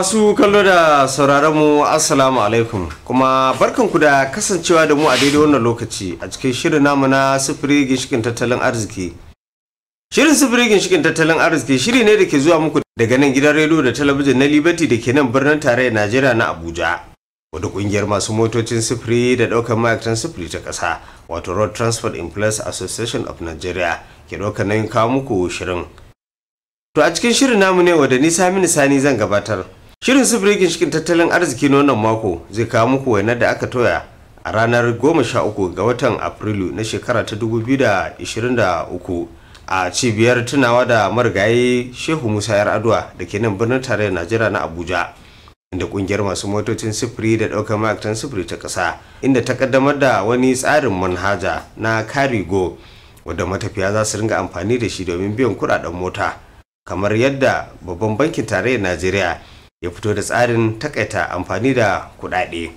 masu kallo da sauraron mu assalamu alaikum kuma barkanku da kasancewa da mu a daidai wannan lokaci a cikin shirin namu na sufuri ginshikin tattalin arziki shirin sufuri ginshikin tattalin arziki shiri ne da ke zuwa muku daga nan gidan rediyo da talabijin na liberty da ke nan birnin tarayyar najeriya na abuja wadda kungiyar masu motocin sufuri da daukar ma'aikatan sufuri ta kasa wato road transport employees association of nigeria ke daukar nan kawo muku shirin To a cikin shirin namu ne wadda nisa mini sani zan gabatar Shirin sufuri ginshikin tattalin arziki na wannan mako zai kawo muku wainar da aka toya a ranar 13 ga watan Afrilu na shekara ta 2023 a cibiyar tunawa da marigayi Shehu Musa Yar'adua da ke nan birnin tarayyar Najeriya na Abuja. Inda kungiyar masu motocin sufuri da ɗaukar ma'aikatan sufuri ta kasa inda ta kaddamar da wani tsarin manhaja na go wadda matafiya za su ringa amfani da shi domin biyan kuɗaɗen mota kamar yadda babban bankin tarayyar Najeriya ya fito da tsarin takaita amfani da kuɗaɗe.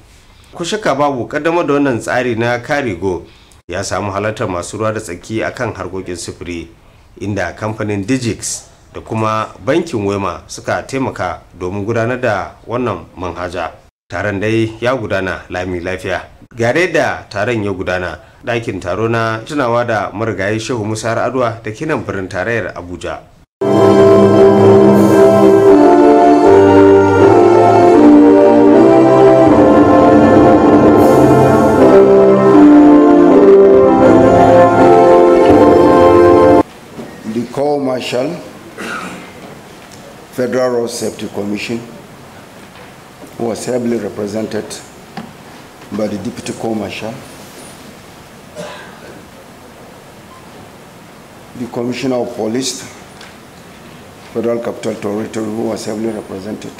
Kushaka babu kaddamar da wannan tsari na Karigo ya samu halartar masu ruwa da tsaki a kan harkokin sufuri inda kamfanin Digix da kuma bankin Wema suka taimaka domin gudanar da wannan manhaja. Taron dai ya gudana lami lafiya. Gare da taron ya gudana ɗakin taro na tunawa da marigayi Shehu Musa Adwa da kinan birnin tarayyar Abuja. Marshal, Federal Road Safety Commission, who was heavily represented by the Deputy Co-Marshal, the Commissioner of Police, Federal Capital Territory, who was heavily represented,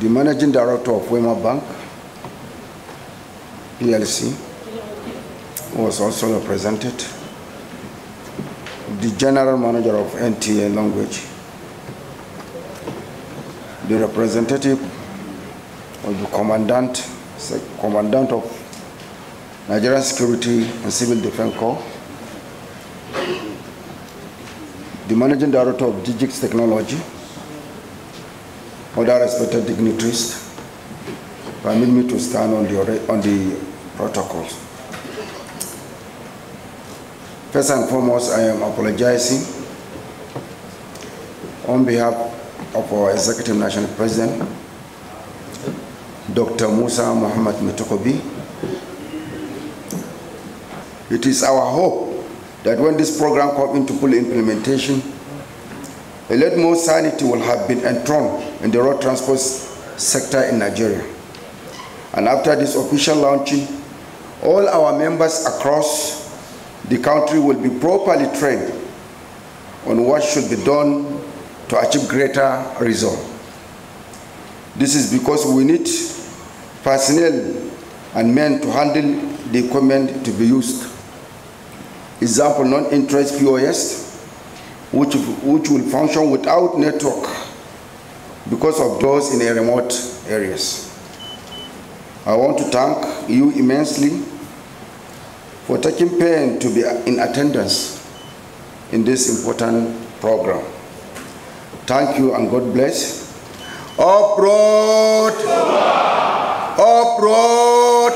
the Managing Director of Wema Bank, PLC, was also represented the General Manager of NTA Language, the representative of the commandant, commandant of Nigerian Security and Civil Defense Corps, the Managing Director of DGX Technology, other respected dignitaries, permit me to stand on the, on the protocols. First and foremost, I am apologizing on behalf of our Executive National President, Dr. Musa Muhammad Metokobi. It is our hope that when this program comes into full implementation, a lot more sanity will have been enthroned in the road transport sector in Nigeria. And after this official launching, all our members across the country will be properly trained on what should be done to achieve greater results. This is because we need personnel and men to handle the equipment to be used. Example, non-interest POS, which, which will function without network because of those in remote areas. I want to thank you immensely for taking pain to be in attendance in this important program. Thank you and God bless. Uproot! Uproot!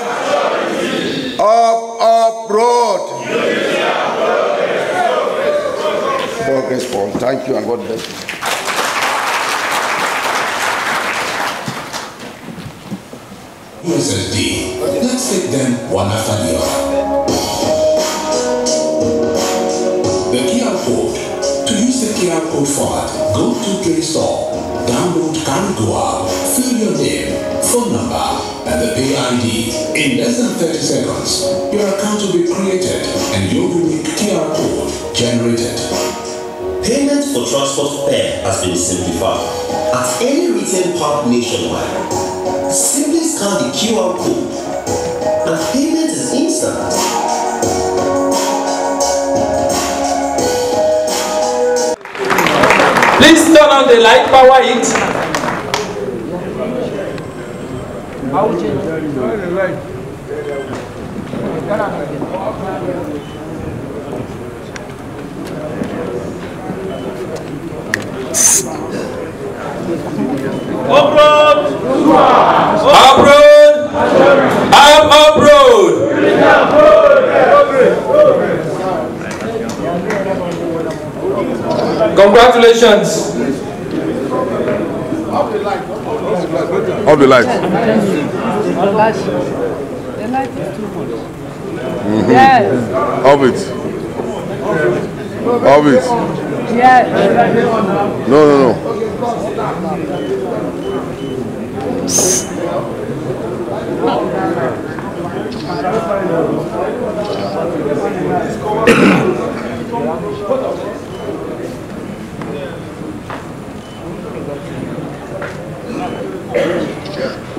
Up, uproot! Progress, Paul. Thank you and God bless Who is the D? Let's take them one after the other. QR code go to Play Store, download Karigua, fill your name, phone number, and the pay ID. In less than 30 seconds, your account will be created and your unique QR code generated. Payment for transport fare has been simplified. At any retail park nationwide, simply scan the QR code and payment is instant. Please turn on the light, power it. Uproad! Uproad! Uproad! Uproad! Congratulations. Off the light. The light is too much. Mm-hmm. Yes. Off it. of it. Yes. No, no, no. Psst.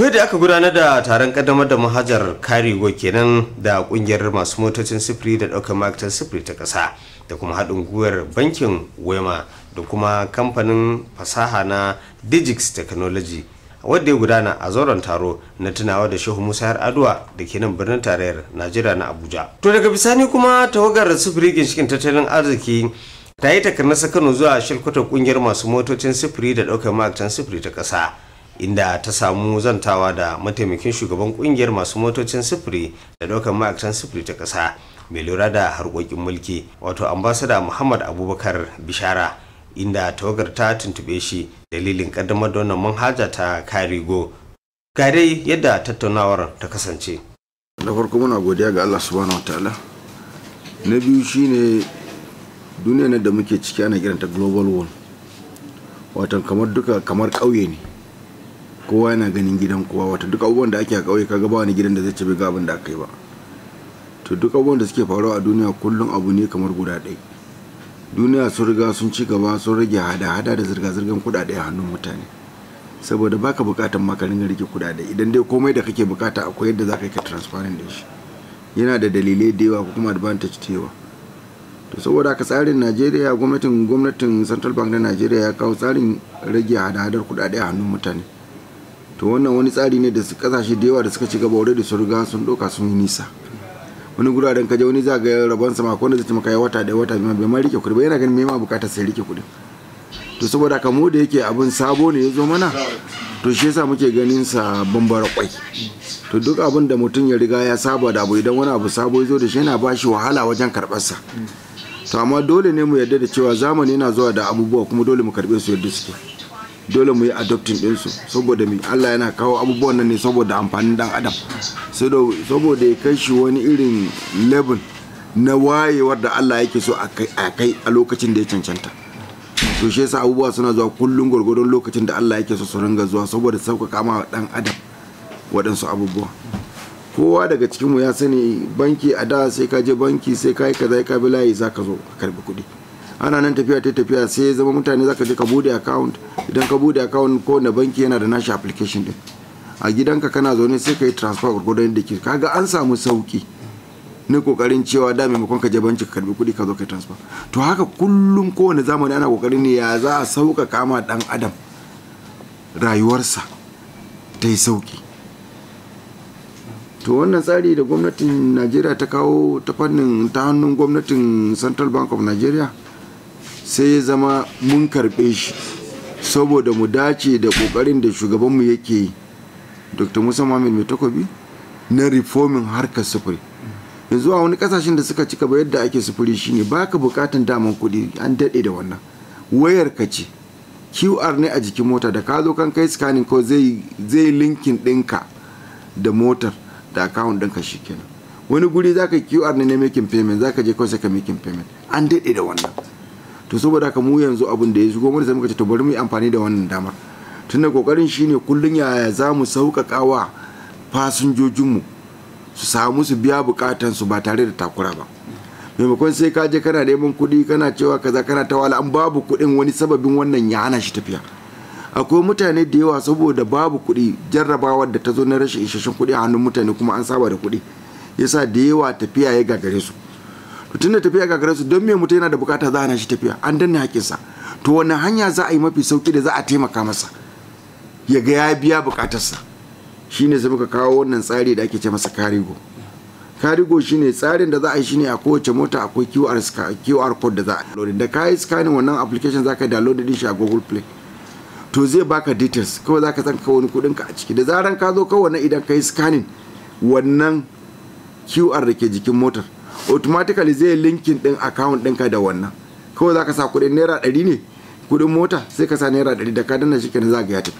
to da aka gudanar da taron kaddamar da mahajar karigo kenan da kungiyar masu motocin sifiri da ɗaukar ma'aikatar sifiri ta kasa da kuma haɗin gwiwar bankin wema da kuma kamfanin fasaha na digix technology wadda ya gudana a zauren taro na tunawa da shehu musa har aduwa da ke nan birnin tarayyar najeriya na abuja to daga bisani kuma tawagar sifiri ginshikin tattalin arziki ta yi takarnar kano zuwa shirkutar kungiyar masu motocin sifiri da ɗaukar ma'aikatan sifiri ta kasa. inda ta samu zantawa da mataimakin shugaban kungiyar masu motocin sufuri da daukan ma'aikatan sufuri ta ƙasa mai lura da harkokin mulki wato ambasada muhammad abubakar bishara inda tawagar ta tuntube shi dalilin kaddamar da wannan manhaja ta karigo ga yadda tattaunawar ta kasance na farko muna godiya ga allah subhanahu wa ta'ala na biyu shine duniya da muke ciki ana kiranta global world watan kamar duka kamar ƙauye ne kowa yana ganin gidan kowa wata duk abubuwan da ake a ƙauye kaga ba wani gidan da zai ci ga da aka yi ba to duk abubuwan da suke faruwa a duniya kullum abu ne kamar guda ɗaya duniya sun riga sun ci gaba sun rage hada-hada da zirga-zirgar kuɗaɗe a hannun mutane saboda baka buƙatar makarin da rike kuɗaɗe idan dai komai da kake bukata akwai yadda za ka yi ka transparent da shi yana da dalilai da yawa ko kuma advantage da yawa to saboda haka tsarin najeriya gwamnatin gwamnatin central bank na najeriya ya kawo tsarin rage hada-hadar kuɗaɗe a hannun mutane to wannan wani tsari ne da kasashe da yawa da suka ci gaba wurin da su sun doka sun yi nisa wani guraren kaje wani za ga rabon sama ko wanda zai taimaka wata da wata bai ma rike kudi ba yana ganin me ma bukatar sai rike kuɗi to saboda mu da yake abin sabo ne ya zo mana to shi yasa muke ganin sa bambara kwai to duk abin da mutum ya riga ya saba da abu idan wani abu sabo ya zo da shi yana bashi wahala wajen karɓar sa to amma dole ne mu yarda da cewa zamani yana zuwa da abubuwa kuma dole mu karɓe su yadda suke dole mu yi adoptin ɗinsu saboda mai allah yana kawo abubuwan nan ne saboda amfanin dan adam saboda ya kai shi wani irin level na wayewar da allah yake so a kai a lokacin da ya cancanta to shi yasa abubuwa suna zuwa kullum gwargwadon lokacin da allah yake so su ringa zuwa saboda sauƙaƙa ma dan adam waɗansu abubuwa kowa daga cikinmu ya sani banki a da sai ka je banki sai ka yi kaza ka bi layi za ka zo ka karbi kuɗi ana nan tafiya ta tafiya sai ya zama mutane zaka je ka bude account idan ka bude account ko na banki yana da nashi application din a gidanka kana zaune sai ka yi transfer gurgudan da ke kaga an samu sauki na kokarin cewa da maimakon ka je banki ka karbi kudi ka zo ka transfer to haka kullum kowane zamani ana kokarin ne ya za a sauka kama dan adam rayuwarsa ta yi sauki to wannan tsari da gwamnatin najeriya ta kawo ta fannin ta hannun gwamnatin central bank of nigeria sai ya zama mun karɓe shi saboda mu dace da ƙoƙarin da shugabanmu yake yi dr musa mamil mai takobi na reforming harkar sufuri yanzu a wani kasashen da suka cika ba yadda ake sufuri shine baka bukatan daman kuɗi an daɗe da wannan wayar ka ce qr ne a jikin mota da ka zo kan kai scanning ko zai linkin ɗinka da motar da account ɗinka shikenan wani guri zaka qr ne na making payment zaka je kawai ka making payment an daɗe da wannan to saboda haka mu yanzu abin da ya shigo mana sai muka ce to bari mu yi amfani da wannan damar tunda kokarin shine kullun yaya za mu sauƙaƙa wa fasinjojinmu su samu su biya su ba tare da takura ba maimakon sai ka je kana neman kuɗi kana cewa kaza kana tawala an babu kuɗin wani sababin wannan ya hana shi tafiya akwai mutane da yawa saboda babu kuɗi jarrabawar da ta zo na rashin isasshen kuɗi a hannun mutane kuma an saba da kuɗi yasa da yawa tafiya ya gagare su to tunda tafiya ga su don me mutum yana da bukata za a na shi tafiya an danne hakinsa to wani hanya za a yi mafi sauki da za a taimaka masa ya ga ya biya bukatarsa shine sai muka kawo wannan tsari da ake ce masa karigo karigo shine tsarin da za a yi shine a kowace mota akwai QR QR code da za a download da kai scanning wannan application zaka download din shi a Google Play to zai baka details kawai zaka san ka wani kudin ka a ciki da zaran ka zo kawai idan ka yi scanning wannan QR da ke jikin motar automatically zai linkin din account ɗinka da wannan kawai za ka sa kuɗin naira ɗari ne kuɗin mota sai ka sa naira ɗari da ka danna shi kenan za ka ya tafi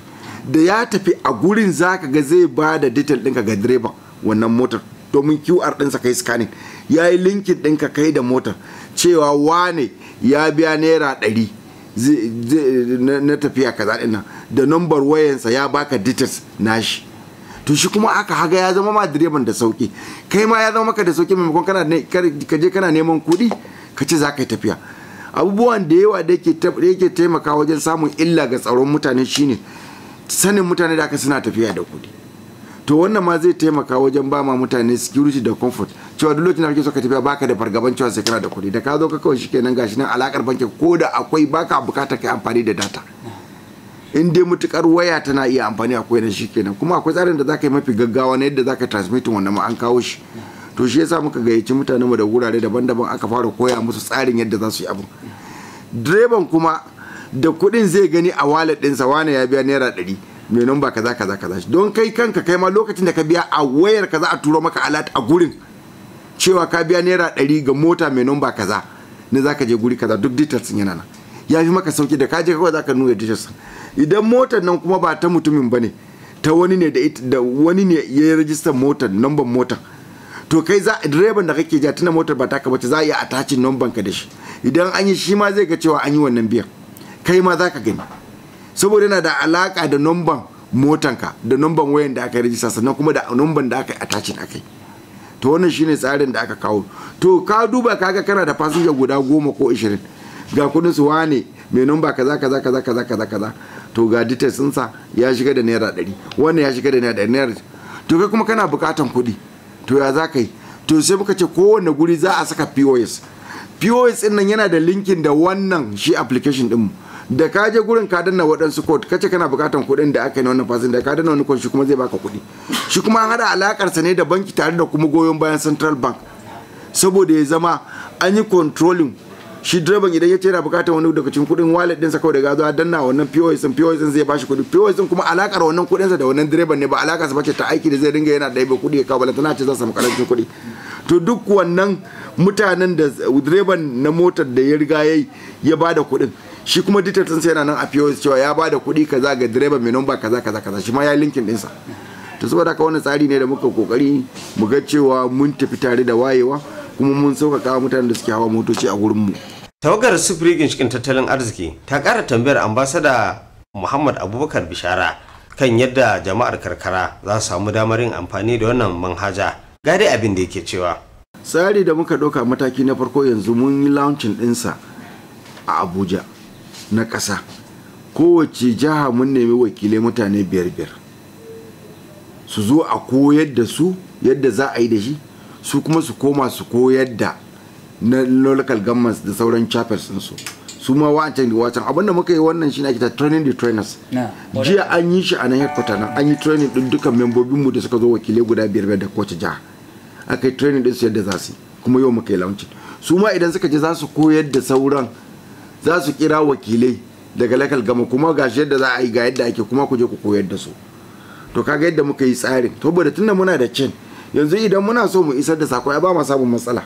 da ya tafi a gurin za ka ga zai ba da detail ɗinka ga direban wannan motar domin qr ɗinsa kai scanning ya yi linkin ɗinka kai da motar cewa wane ya biya naira ɗari na tafiya kaza ɗin nan da number wayansa ya baka details nashi to shi kuma aka haga ya zama ma direban da sauki kai ma ya zama maka da sauki maimakon kana ka je kana neman kudi ka ce za ka yi tafiya abubuwan da yawa da yake taimaka wajen samun illa ga tsaron mutane shine sanin mutane da aka suna tafiya da kudi. to wannan ma zai taimaka wajen ba ma mutane security da comfort cewa duk lokacin da kake so ka tafiya baka da fargaban cewa sai kana da kudi da ka zo ka kawai shikenan gashi nan alakar banki ko da akwai baka bukata kai amfani da data in dai mutukar waya tana iya amfani akwai da shi kenan kuma akwai tsarin da zaka yi mafi gaggawa na yadda zaka transmitin wannan ma an kawo shi to shi yasa muka gayyaci mutane mu da wurare daban-daban aka fara koya musu tsarin yadda za su yi abu direban kuma da kuɗin zai gani a wallet ɗinsa wane ya biya naira ɗari mai namba kaza kaza kaza don kai kanka kai ma lokacin da ka biya a wayar kaza a turo maka alat a gurin cewa ka biya naira ɗari ga mota mai namba kaza ne za ka je guri kaza duk details yana nan ya fi maka sauki da ka je kawai za ka nuna details idan motar nan kuma ba ta mutumin ba ne ta wani ne da wani ne ya yi rajistar motar nomban motar to kai za direban da kake ja tana motar ba taka bace za a yi attachin nomban ka da shi idan an yi shi ma zai ga cewa an yi wannan biyan kai ma za ka gani saboda yana da alaka da namban motanka da nomban wayan da aka yi rajista sannan kuma da nomban da aka yi attachin akai to wannan shine tsarin da aka kawo to ka duba kaga kana da fasinja guda goma ko ishirin ga kudin su wane mai namba kaza kaza kaza kaza kaza kaza to ga details sa ya shiga da naira ɗari wannan ya shiga da naira ɗari naira to kai kuma kana buƙatan kuɗi to ya za ka yi to sai muka ce kowane guri za a saka pos pos ɗin nan yana da linkin da wannan shi application din mu da ka je gurin ka danna waɗansu code kace kana buƙatan kuɗin da aka yi na wannan fasin da ka danna wani shi kuma zai baka kuɗi shi kuma an haɗa alakarsa ne da banki tare da kuma goyon bayan central bank saboda ya zama an yi controlling shi direban idan ya ce yana bukatar wani daga cikin kudin wallet dinsa kawai daga zuwa danna wannan POS din POS din zai bashi kudi POS din kuma alakar wannan kudin sa da wannan direban ne ba alaka sa bace ta aiki da zai dinga yana da yaba kudi ya kawo tana ce za samu karancin kudi to duk wannan mutanen da direban na motar da ya riga ya yi ya ba da kudin shi kuma details din yana nan a POS cewa ya ba da kudi kaza ga direban mai number kaza kaza kaza shi ma ya linkin dinsa. to saboda haka wannan tsari ne da muka kokari mu ga cewa mun tafi tare da wayewa kuma mun sauƙaƙa mutanen da suke hawa motoci a mu. tawagar sufuri ginshikin tattalin arziki ta ƙara tambayar ambasada muhammad abubakar bishara kan yadda jama'ar karkara za su samu damar yin amfani da wannan manhaja ga dai abin da yake cewa tsari da muka ɗauka mataki na farko yanzu mun yi launcin ɗinsa a abuja na ƙasa kowace jiha mun nemi wakilai mutane biyar biyar su zo a koyar da su yadda za a yi da shi su kuma su koma su koyar da na local governments da sauran chapters su su ma wancan da wancan abinda muka yi wannan shine ake ta training the trainers jiya an yi shi a nan headquarter nan an yi training din dukkan membobin mu da suka zo wakilai guda biyar da kowace jiha aka yi training din su yadda za su kuma yau muka yi launching su ma idan suka je za su koyar da sauran za su kira wakilai daga local gama kuma ga shi yadda za a yi ga yadda ake kuma ku je ku koyar da su to kaga yadda muka yi tsarin to da tunda muna da cin yanzu idan muna so mu isar da sako ya ba mu samun matsala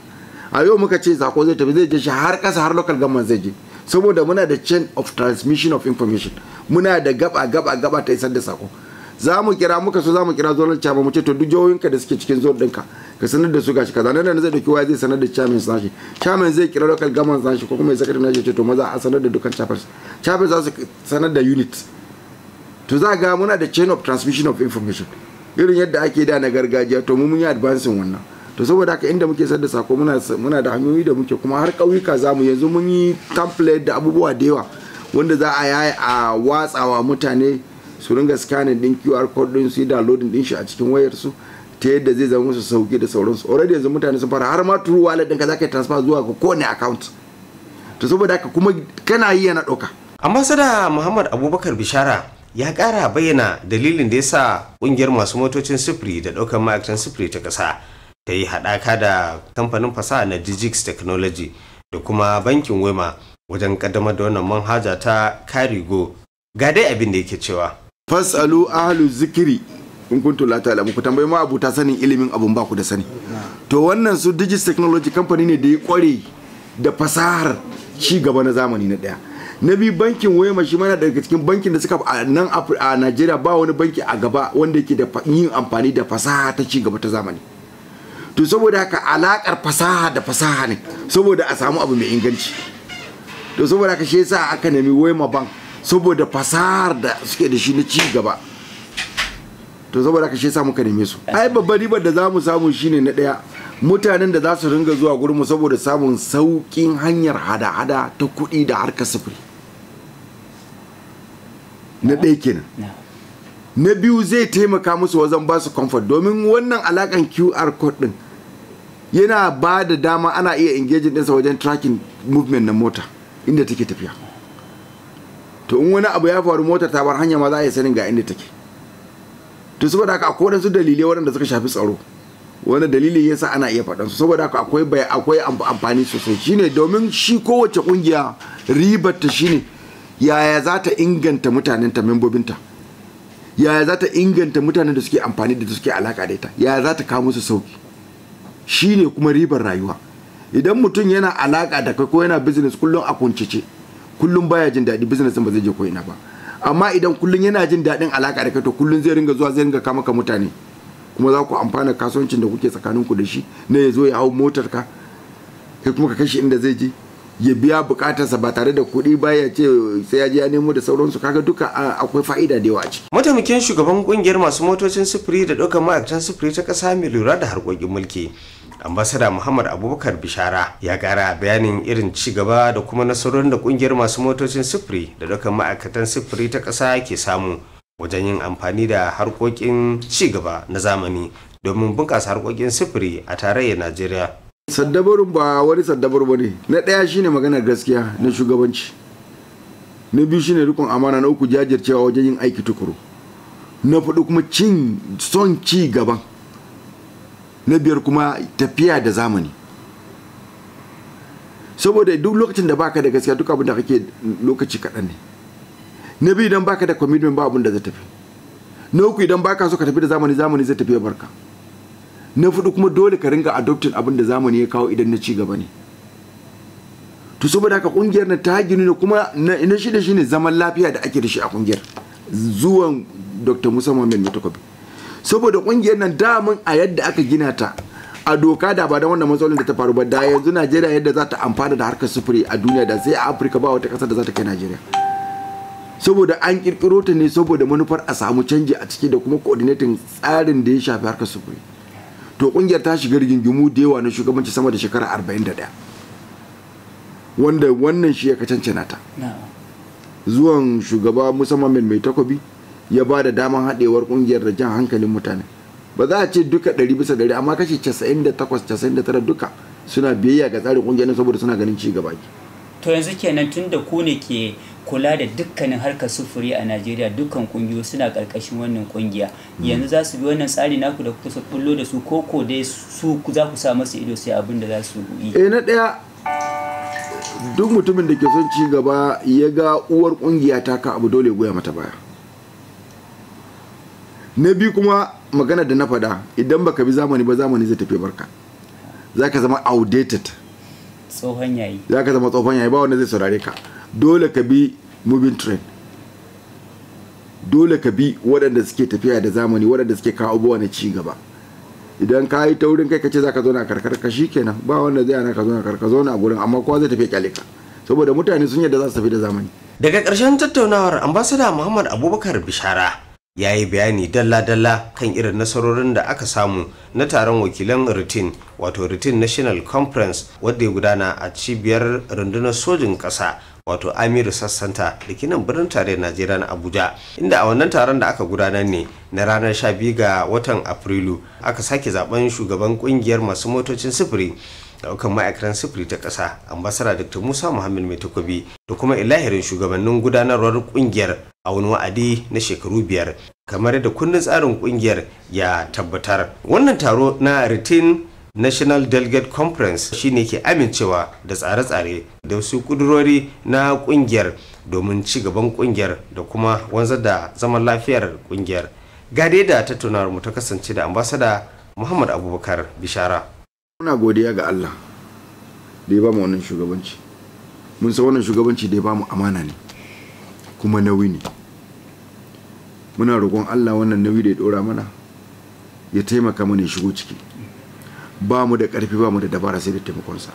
a yau muka ce sako zai tafi zai je shi har kasa har local government zai je saboda muna da chain of transmission of information muna da gaba gaba gaba ta isar da sako za mu kira muka so za mu kira zonal chama mu ce to duk jihohinka da suke cikin zon ɗinka ka sanar da su gashi kaza nan zai dauki waya zai sanar da chairman sashi chairman zai kira local government sashi ko kuma ya sakata nashi ce to maza a sanar da dukkan chapters chapters za su sanar da unit to za ga muna da chain of transmission of information irin yadda ake da na gargajiya to mu mun yi advancing wannan to saboda haka inda muke sadda sako muna muna da hanyoyi da muke kuma har ƙauyuka zamu yanzu mun yi template da abubuwa da yawa wanda za a a watsawa mutane su ringa scanning din QR code din su yi downloading din shi a cikin wayar su ta yadda zai zama musu sauki da sauransu already yanzu mutane sun fara har ma turu wallet ɗinka za ka yi transfer zuwa ga kowane account to saboda haka kuma kana yi yana ɗauka sada muhammad abubakar bishara ya kara bayyana dalilin da ya sa kungiyar masu motocin sufuri da ɗaukar ma'aikatan sufuri ta kasa ta yi haɗaka da kamfanin fasaha na digix technology da kuma bankin wema wajen ƙaddamar da wannan manhaja ta karigo ga dai abin da yake cewa fasalu ahlu zikiri in kuntu la ta'lamu ku tambayi ma abuta sanin ilimin abun ba ku da sani to wannan su digix technology kamfani ne da ya kware da fasahar ci gaba na zamani na ɗaya na biyu bankin wema shi mana daga cikin bankin da suka a nan a najeriya ba wani banki a gaba wanda yake da yin amfani da fasaha ta ci gaba ta zamani to saboda haka alakar fasaha da fasaha ne saboda a samu abu mai inganci to saboda haka shi yasa aka nemi wema bank saboda fasahar da suke da shi na ci gaba to saboda haka shi yasa muka neme su ai babban ribar da zamu samu shine na daya mutanen da za su ringa zuwa gurinmu saboda samun sauƙin hanyar hada-hada ta kuɗi da harkar sufuri na ɗaya kenan na biyu zai taimaka musu wajen ba su comfort domin wannan alakan qr code ɗin yana ba da dama ana iya engaging ɗinsa wajen tracking movement na mota inda take tafiya to in wani abu ya faru mota ta bar hanya ma za a yi sanin ga inda take to saboda haka akwai waɗansu dalilai waɗanda suka shafi tsaro wani dalili ya sa ana iya faɗan su saboda akwai bai akwai amfani sosai shine domin shi kowace kungiya ribar ta shine yaya za ta inganta mutanen ta membobinta yaya za ta inganta mutanen da suke amfani da suke alaka da ita yaya za ta kawo musu sauki shine kuma ribar rayuwa idan mutum yana alaka da kai ko yana business kullum a kuncice kullum baya jin daɗi business ba zai je ko ina ba amma idan kullum yana jin daɗin alaka da kai to kullum zai ringa zuwa zai ringa kama ka mutane kuma za ku amfana kasuwancin da kuke tsakaninku da shi na ya zo ya hau motar ka kai kuma ka kashe inda zai je ya biya bukatarsa ba tare da kuɗi ba ya ce sai ya je ya nemo da sauransu kaga duka akwai fa'ida da yawa a ciki. mataimakin shugaban kungiyar masu motocin sufuri da ɗaukar ma'aikatan sufuri ta ƙasa mai lura da harkokin mulki ambasada muhammad abubakar bishara ya kara bayanin irin ci gaba da kuma nasarorin da kungiyar masu motocin sufuri da ɗaukar ma'aikatan sufuri ta ƙasa ke samu wajen yin amfani da harkokin gaba na zamani domin bunkasa harkokin sufuri a tarayyar najeriya saddabarun ba wani saddabar ba ne na ɗaya shine maganar gaskiya na shugabanci na biyu shine rikon amana na uku jajircewa wajen yin aiki tukuru na faɗi kuma cin son ci gaban na biyar kuma tafiya da zamani saboda duk lokacin da baka da gaskiya duk abin da kake lokaci kaɗan ne na biyu idan baka da commitment ba abin da zai tafi na uku idan baka so ka tafi da zamani zamani zai tafi ya barka na fudu kuma dole ka ringa adopting abin da zamani ya kawo idan na ci gaba ne to saboda haka kungiyar na ta gini ne kuma na shi ne zaman lafiya da ake da shi a kungiyar zuwan dr musa mohammed mutakobi saboda kungiyar nan damun a yadda aka gina ta a doka da ba da wannan matsalolin da ta faru ba da yanzu najeriya yadda za ta amfana da harkar sufuri a duniya da sai a afirka ba wata kasar da za ta kai najeriya saboda an kirkiro ta ne saboda manufar a samu canji a ciki da kuma coordinating tsarin da ya shafi harkar sufuri to kungiyar ta shiga rigingimu da yawa na shugabanci sama da shekara 41 wanda wannan shi ya kacance nata zuwan shugaba musamman mai takobi ya ba da daman haɗewar kungiyar da jan hankalin mutane ba za a ce duka ɗari bisa ɗari amma kashi 98-99 duka suna biyayya ga tsarin kungiyar saboda suna ganin ci gaba to yanzu kenan tun da ku ne ke kula da dukkanin harkar sufuri a najeriya dukkan kungiyo suna karkashin wannan kungiya yanzu za su bi wannan tsari naku da kusa kullo da su koko dai su za ku sa masu ido sai abin da za su yi eh na daya duk mutumin da ke son ci gaba ya ga uwar kungiya ta ka abu dole goya mata baya na bi kuma magana da na fada idan baka bi zamani ba zamani zai tafi barka za ka zama outdated tsohon yayi za ka zama tsohon yayi ba wanda zai saurare ka dole ka bi moving train dole ka bi waɗanda suke tafiya da zamani waɗanda suke kawo abubuwa na ci gaba idan ka yi taurin kai ka ce za ka zauna karkar ka shi kenan ba wanda zai ana ka zauna karkar zauna a gurin amma kowa zai tafi kyale ka saboda mutane sun yadda za su tafi da zamani daga ƙarshen tattaunawar ambasada muhammad abubakar bishara ya yi bayani dalla-dalla kan irin nasarorin da aka samu na taron wakilan Rutin, wato Rutin national conference wadda ya gudana a cibiyar rundunar sojin ƙasa wato amiru sassanta da kinan birnin tarayyar najeriya na abuja inda a wannan taron da aka gudanar ne na ranar 12 ga watan afrilu aka sake zaben shugaban kungiyar masu motocin sufuri daukan ma'aikatan sufuri ta ƙasa ambasara dr musa muhammad mai takobi da kuma ilahirin shugabannin gudanarwar kungiyar a wani wa'adi na shekaru biyar kamar da kundin tsarin kungiyar ya tabbatar wannan taro na ritin national delegate conference shi ne ke amincewa da tsare-tsare da su kudurori na kungiyar domin ci gaban kungiyar da kuma wanzar da zaman lafiyar kungiyar gade da tattaunawar mu ta kasance da ambasada muhammad abubakar bishara muna godiya ga allah da ya ba mu wannan shugabanci mun san wannan shugabanci da ya ba mu amana ne kuma nauyi ne muna roƙon allah wannan nauyi da ya ɗora mana ya taimaka mana ya shigo ciki ba mu da ƙarfi ba mu da dabara sai da taimakonsa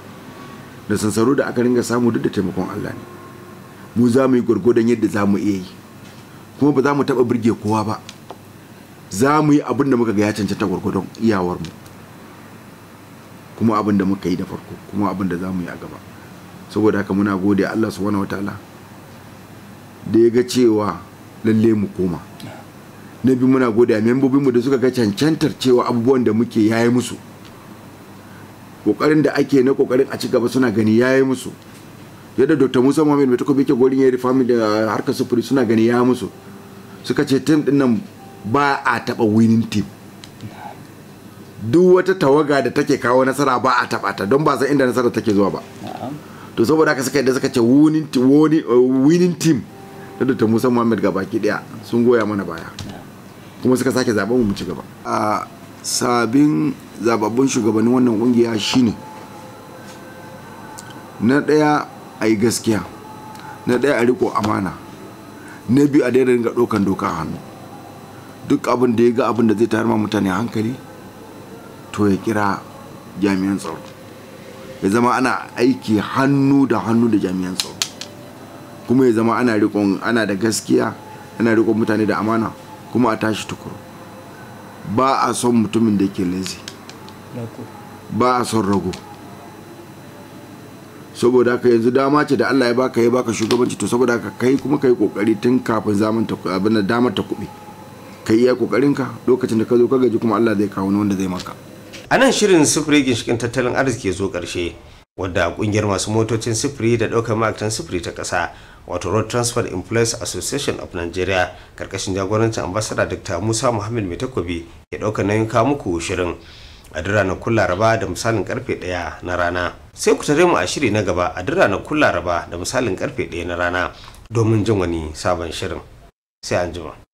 da sansaro da aka ringa samu duk da taimakon Allah ne mu za mu yi gwargwadon yadda za mu iya yi kuma ba za mu taɓa birge kowa ba za mu yi abin da muka ga ya cancanta gwargwadon iyawarmu kuma abin da muka yi da farko kuma abin da za mu yi a gaba saboda haka muna gode Allah subhanahu wataala da ya ga cewa lalle mu koma na biyu muna gode a membobinmu da suka ga cancantar cewa abubuwan da muke yayi musu kokarin da ake na kokarin a ci gaba suna gani ya yi musu yadda dr musa mohamed mai takobi ke gorin yari fami da harkar sufuri suna gani ya musu suka ce tim din nan ba a taba winning team duk wata tawaga da take kawo nasara ba a taba ta don ba san inda nasara take zuwa ba to saboda haka suka yadda suka ce winning uh, team da dr musa mohamed ga baki daya sun goya mana baya kuma suka sake zaben mu ci gaba a sabin zababbun shugabannin wannan kungiya shine na ɗaya a yi gaskiya na ɗaya a riko amana na biyu a daidai ga ɗaukan doka a hannu duk abin da ya ga abin da zai tarima ma mutane hankali to ya kira jami'an tsaro ya zama ana aiki hannu da hannu da jami'an tsaro kuma ya zama ana riko ana da gaskiya ana riko mutane da amana kuma a tashi tukuru ba a son mutumin da ke lezi. ba a son rago saboda haka yanzu dama ce da Allah ya baka ya baka shugabanci to saboda haka kai kuma kai kokari tun kafin zaman ta abin da damar ta kuɓe kai iya kokarin ka lokacin da ka zo ka gaji kuma Allah zai kawo wanda zai maka a nan shirin sufuri ginshikin tattalin arziki ya zo karshe wadda kungiyar masu motocin sufuri da ɗaukar ma'aikatan sufuri ta ƙasa wato road transport employees association of nigeria karkashin jagorancin ambasada dr musa muhammad mai takobi ya ɗaukar nauyin kawo muku shirin a duk ranakun laraba da misalin karfe ɗaya na rana sai ku tare mu a shiri na gaba a duk ranakun laraba da misalin karfe ɗaya na rana domin jin wani sabon shirin sai an jima